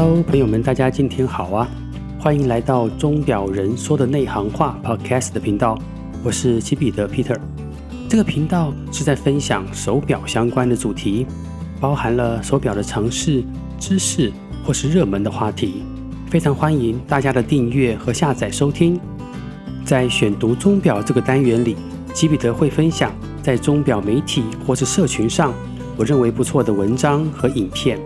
Hello，朋友們，大家今天好啊！歡迎來到《鐘錶人說的內行話》Podcast 的頻道，我是齊彼得 Peter。這個頻道是在分享手表相關的主題，包含了手表的常識知識或是熱門的話題。非常歡迎大家的訂閱和下載收聽。在選讀鐘錶這個單元裡，齊彼得會分享在鐘錶媒體或是社群上我認為不錯的文章和影片。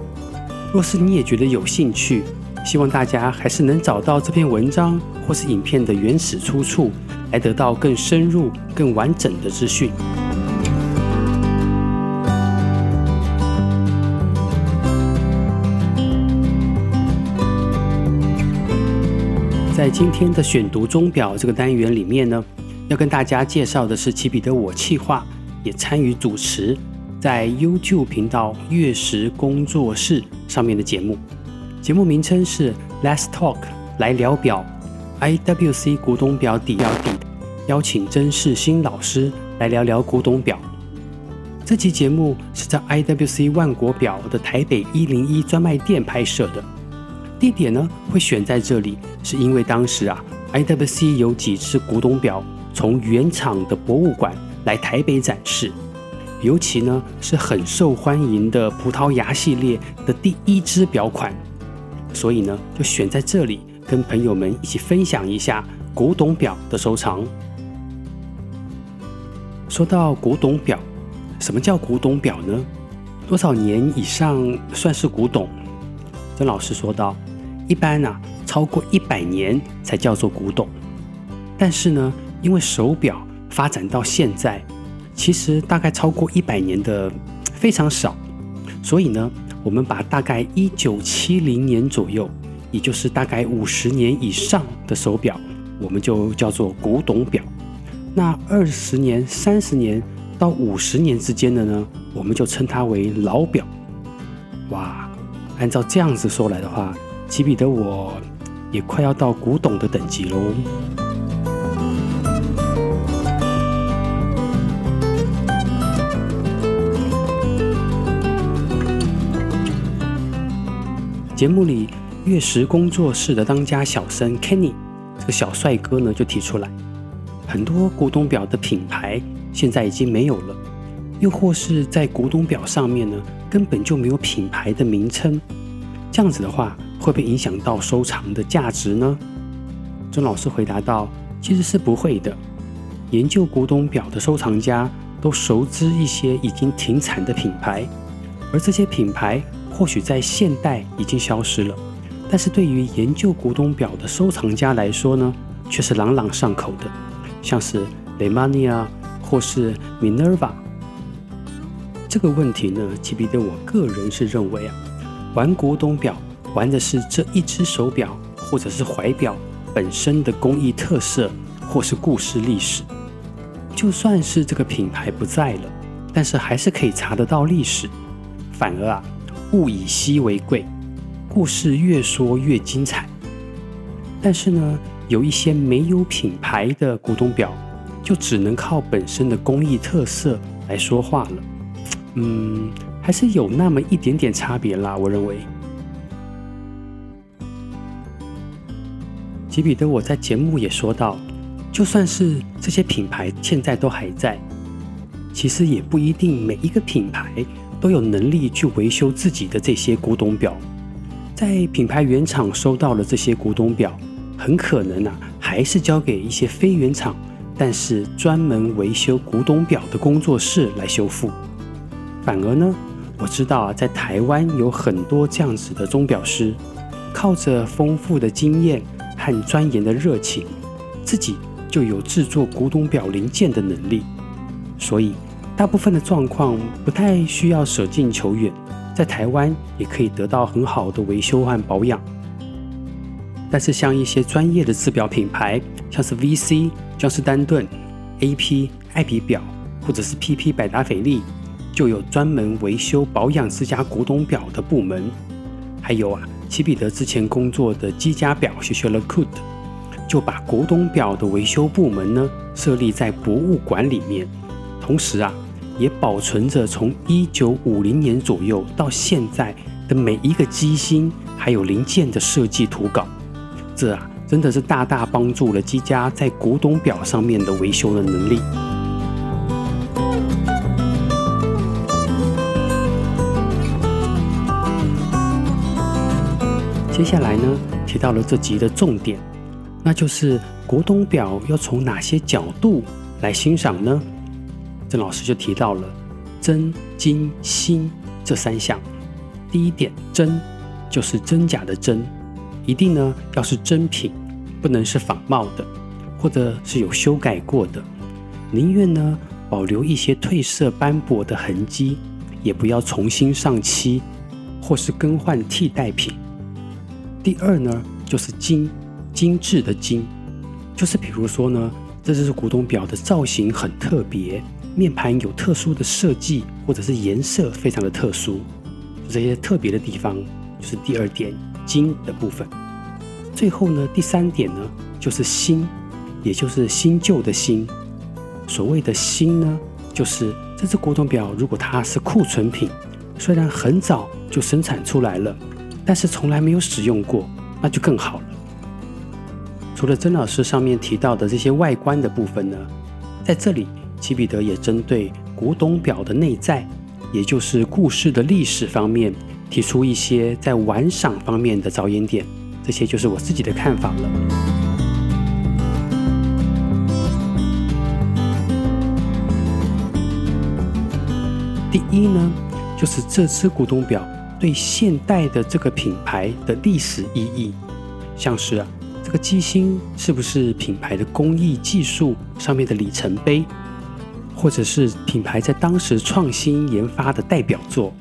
若是你也覺得有興趣，希望大家還是能找到這篇文章或是影片的原始出處，來得到更深入、更完整的資訊。在今天的選讀鐘錶這個單元裡面呢，要跟大家介紹的是齊彼得我企劃，也參與主持。在 YouTube 頻道悅時工作室上面的節目，節目名稱是《Let's Talk 來聊表》，IWC 古董表抵台，邀請曾士昕老師來聊聊古董表。這期節目是在 IWC 萬國表的台北一零一專賣店拍攝的，地點呢會選在這裡，是因為當時啊 IWC 有幾隻古董表從原廠的博物館來台北展示。尤其呢是很受歡迎的葡萄牙系列的第一支錶款，所以呢就選在這裡跟朋友們一起分享一下古董錶的收藏。說到古董錶，什麼叫古董錶呢？多少年以上算是古董？曾老師說到，一般呢、啊、超過一百年才叫做古董。但是呢，因為手錶發展到現在。其實大概超過一百年的非常少，所以呢，我們把大概一九七零年左右，也就是大概五十年以上的手錶，我們就叫做古董錶。那二十年、三十年到五十年之間的呢，我們就稱它為老錶。哇，按照這樣子說來的話，齊彼得我也快要到古董的等級嘍。節目裡，悅時工作室的當家小生 Kenny 這個小帥哥呢，就提出來，很多古董錶的品牌現在已經沒有了，又或是在古董錶上面呢，根本就沒有品牌的名稱，這樣子的話，會不會影響到收藏的價值呢？曾老師回答道：“其實是不會的，研究古董錶的收藏家都熟知一些已經停產的品牌。”而這些品牌或許在現代已經消失了，但是對於研究古董錶的收藏家來說呢，卻是朗朗上口的，像是雷曼尼亞，或是 Minerva。這個問題呢，G B D，我個人是認為啊，玩古董錶玩的是這一隻手錶或者是懷錶本身的工藝特色，或是故事歷史。就算是這個品牌不在了，但是還是可以查得到歷史。反而啊，物以稀為貴，故事越說越精彩。但是呢，有一些沒有品牌的古董表，就只能靠本身的工藝特色來說話了。嗯，還是有那麼一點點差別啦，我認為。齊彼得我在節目也說到，就算是這些品牌現在都還在，其實也不一定每一個品牌。都有能力去維修自己的這些古董錶，在品牌原廠收到了這些古董錶，很可能啊，還是交給一些非原廠，但是專門維修古董錶的工作室來修復。反而呢，我知道啊，在台灣有很多這樣子的鐘錶師，靠着豐富的經驗和鑽研的熱情，自己就有制作古董錶零件的能力，所以。大部分的狀況不太需要捨近求遠，在台灣也可以得到很好的維修和保養。但是像一些專業的製表品牌，像是 V.C.、像是丹頓、A.P.、愛彼錶，或者是 P.P. 百達翡麗，就有專門維修保養自家古董錶的部門。還有啊，齊彼得之前工作的積家錶，學是了 c o t 就把古董錶的維修部門呢設立在博物館裡面。同時啊，也保存着從一九五零年左右到現在的每一個機芯還有零件的設計圖稿，這啊真的是大大幫助了積家在古董錶上面的維修的能力。接下來呢，提到了這集的重點，那就是古董表要從哪些角度來欣賞呢？曾老師就提到了“真、精、新”這三項。第一點，“真”就是真假的“真”，一定呢要是真品，不能是仿冒的，或者是有修改過的。寧願呢保留一些褪色、斑駁的痕跡，也不要重新上漆，或是更換替代品。第二呢，就是“精”，精致的“精”，就是比如說呢，這只是古董錶的造型很特別。面盤有特殊的設計，或者是顏色非常的特殊，就這些特別的地方，就是第二點金的部分。最後呢，第三點呢，就是新，也就是新舊的新。所謂的“新”呢，就是這只古董表如果它是庫存品，雖然很早就生產出來了，但是從來沒有使用過，那就更好了。除了曾老師上面提到的這些外觀的部分呢，在這裡。齊彼得也針對古董錶的內在，也就是故事的歷史方面，提出一些在玩賞方面的着眼點。這些就是我自己的看法了。第一呢，就是這隻古董錶對現代的這個品牌的歷史意義，像是啊，這個機芯是不是品牌的工藝技術上面的里程碑？或者是品牌在當時創新研發的代表作，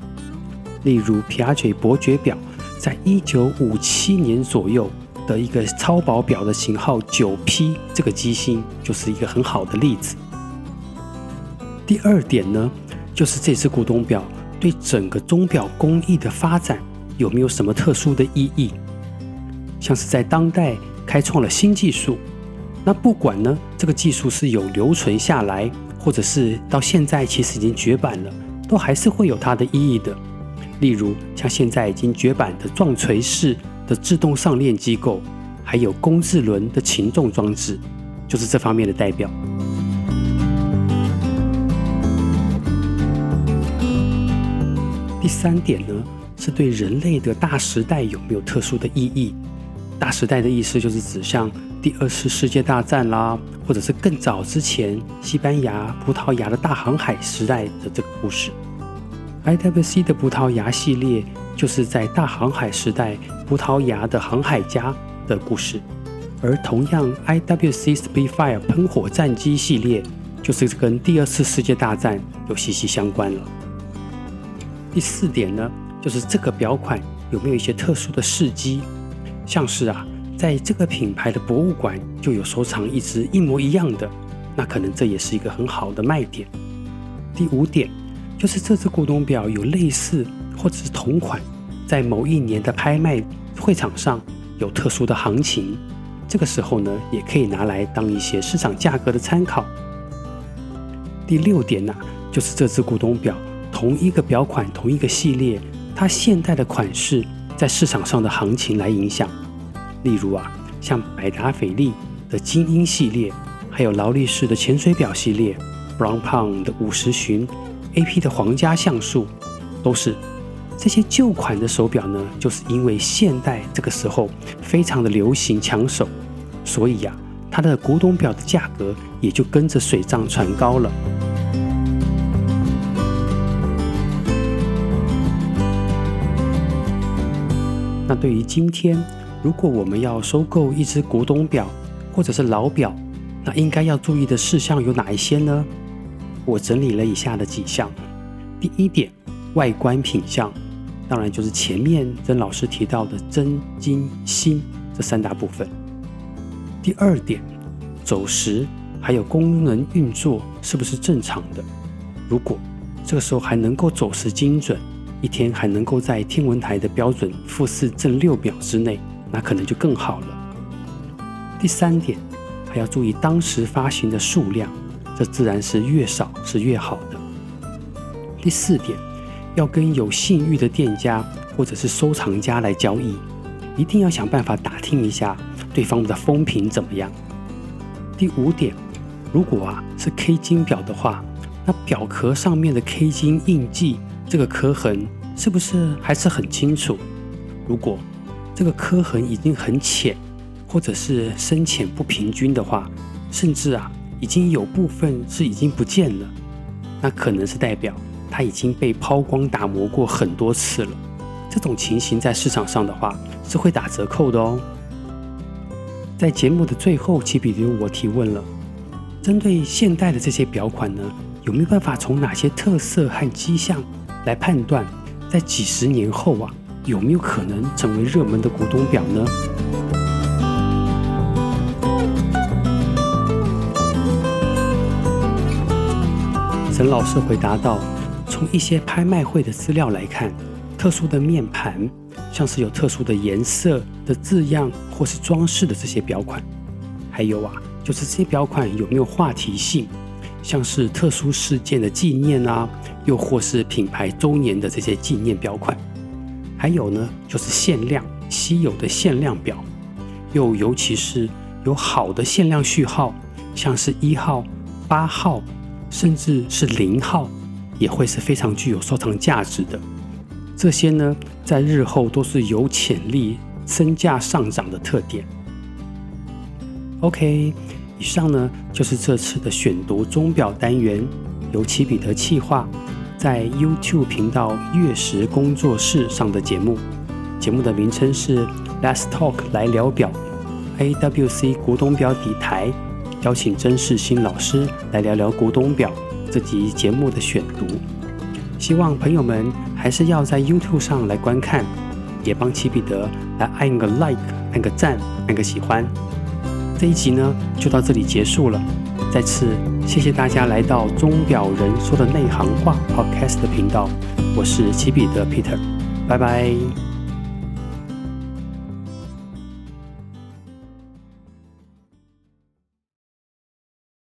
例如皮亞傑伯爵錶，在一九五七年左右的一個超薄錶的型號九 P，這個機芯就是一個很好的例子。第二點呢，就是這只古董錶對整個鐘錶工藝的發展有沒有什麼特殊的意義？像是在當代開創了新技術，那不管呢，這個技術是有留存下來。或者是到現在其實已經絕版了，都還是會有它的意義的。例如像現在已經絕版的撞錘式的自動上鏈機構，還有工字輪的擒縱裝置，就是這方面的代表。第三點呢，是對人類的大時代有沒有特殊的意義？大時代的意思就是指向第二次世界大戰啦，或者是更早之前西班牙、葡萄牙的大航海時代的這個故事。IWC 的葡萄牙系列就是在大航海時代葡萄牙的航海家的故事，而同樣 IWC Spitfire 噴火戰機系列就是跟第二次世界大戰有息息相關了。第四點呢，就是這個錶款有沒有一些特殊的事蹟？像是啊，在這個品牌的博物館就有收藏一隻一模一樣的，那可能這也是一個很好的賣點。第五點就是這隻古董錶有類似或者是同款，在某一年的拍賣會場上有特殊的行情，這個時候呢，也可以拿來當一些市場價格的參考。第六點呢、啊，就是這隻古董錶同一個錶款、同一個系列，它現代的款式。在市場上的行情來影響，例如啊，像百達翡麗的精英系列，還有勞力士的潛水表系列，Blancpain 的五十噚，AP 的皇家橡樹，都是這些舊款的手表呢。就是因為現代這個時候非常的流行搶手，所以呀、啊，它的古董表的價格也就跟着水漲船高了。那對於今天，如果我們要收購一隻古董錶或者是老錶，那應該要注意的事項有哪一些呢？我整理了以下的幾項。第一點，外觀品相，當然就是前面曾老師提到的真、精、新這三大部分。第二點，走時還有功能運作是不是正常的？如果這個時候還能夠走時精準。一天還能夠在天文台的標準負四正六秒之內，那可能就更好了。第三點，還要注意當時發行的數量，這自然是越少是越好的。第四點，要跟有信譽的店家或者是收藏家來交易，一定要想辦法打聽一下對方的風評怎麼樣。第五點，如果啊是 K 金錶的話，那錶殼上面的 K 金印記。這個磕痕是不是還是很清楚？如果這個磕痕已經很淺，或者是深淺不平均的話，甚至啊已經有部分是已經不見了，那可能是代表它已經被拋光打磨過很多次了。這種情形在市場上的話是會打折扣的哦。在節目的最後，齊彼得我提問了：針對現代的這些表款呢，有沒有辦法從哪些特色和跡象？來判斷，在幾十年後啊，有沒有可能成為熱門的古董錶呢？曾老師回答道：“從一些拍賣會的資料來看，特殊的面盤，像是有特殊的顏色的字樣或是裝飾的這些錶款，還有啊，就是這些錶款有沒有話題性，像是特殊事件的紀念啊。”又或是品牌周年的這些紀念錶款，還有呢，就是限量稀有的限量表，又尤其是有好的限量序號，像是一號、八號，甚至是零號，也會是非常具有收藏價值的。這些呢，在日後都是有潛力身價上漲的特點。OK，以上呢就是這次的選讀鐘表單元，由齊彼得企劃。在 YouTube 頻道“悅時工作室”上的節目，節目的名稱是 “Let's Talk 來聊錶 ”，IWC 古董錶抵台邀請曾士昕老師來聊聊古董錶這集節目的選讀。希望朋友們還是要在 YouTube 上來觀看，也幫齊彼得來按個 like、按個讚、按個喜歡。這一集呢，就到這裡結束了。再次謝謝大家來到《鐘錶人說的內行話》Podcast 的頻道，我是齊彼得 Peter，拜拜。